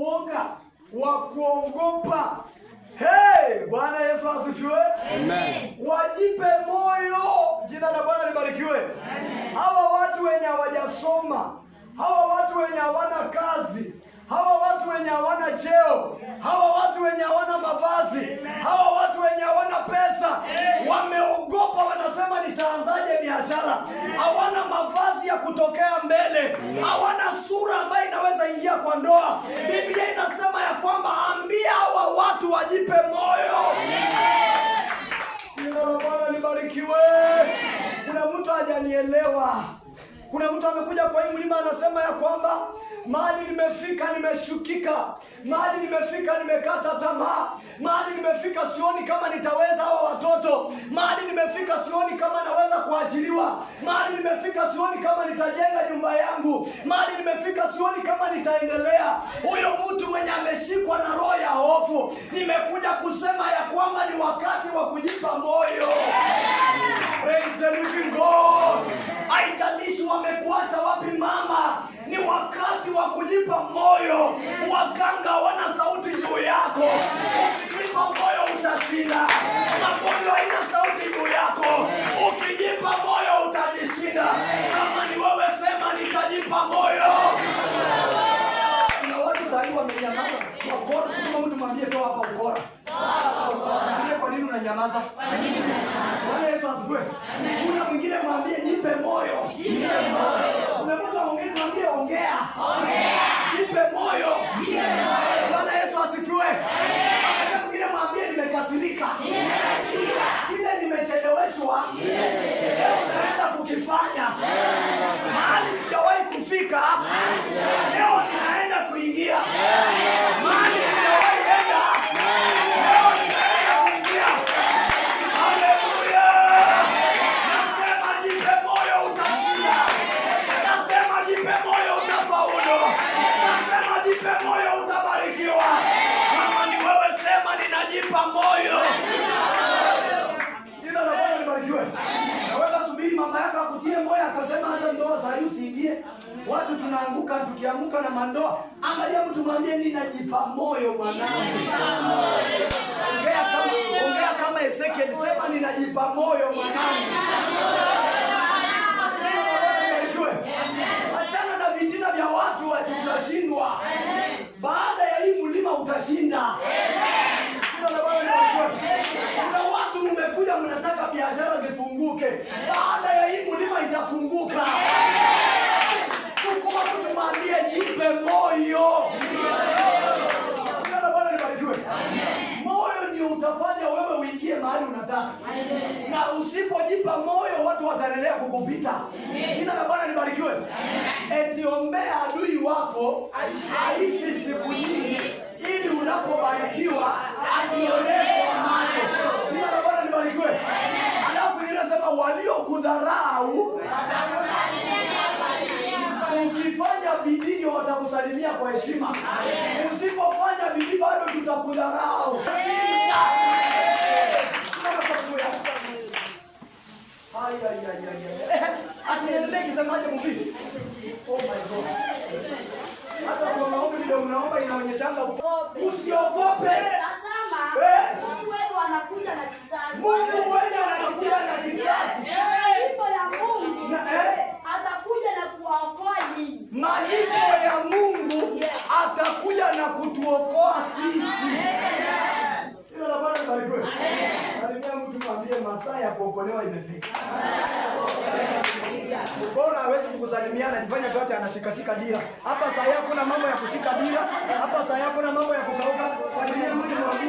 uoga wa kuogopa. Hey, Bwana Yesu asifiwe. Amen. Wajipe moyo nimeelewa. Kuna mtu amekuja kwa hii mlima anasema ya kwamba mahali nimefika nimeshukika, mahali nimefika nimekata tamaa, mahali nimefika sioni kama nitaweza hao watoto, mahali nimefika sioni kama naweza kuajiriwa, mahali nimefika sioni kama nitajenga nyumba yangu, mahali nimefika sioni kama nitaendelea. Huyo mtu mwenye ameshikwa na roho ya hofu, nimekuja kusema mnanyamaza? Bwana Yesu asifiwe. Kuna mwingine mwambie nipe moyo. Nipe moyo. Kuna mtu mwingine mwambie ongea. Ongea. Nipe moyo. Nipe moyo. Bwana Yesu asifiwe. Amen. Kuna mwingine mwambie nimekasirika. Nimekasirika. Kile nimecheleweshwa. Nipe Watu tunaanguka tukianguka na mandoa. Angalia mtu mwambie, najipa moyo mwanangu. Ongea kama ongea kama Ezekiel, sema ninajipa moyo mwanangu. Achana na vitina vya watu, watu utashindwa. ukiipa moyo watu wataendelea kukupita. Jina la Bwana libarikiwe. Eti ombea adui wako aishi siku nyingi, ili unapobarikiwa ajionee kwa macho. Jina la Bwana libarikiwe. Alafu linasema waliokudharau ukifanya bidii watakusalimia kwa heshima. Usipofanya bidii bado tutakudharau. shamba usiogope. Eh. Mungu wenu anakuja na kisasi. Eh. Malipo ya Mungu atakuja na kutuokoa sisi. mtu mwambie masaa ya kuokolewa imefika anajigharamia, anajifanya tote, anashikashika dira hapa. Saa yako na mambo ya kushika dira hapa, saa yako na mambo ya kukauka familia mtu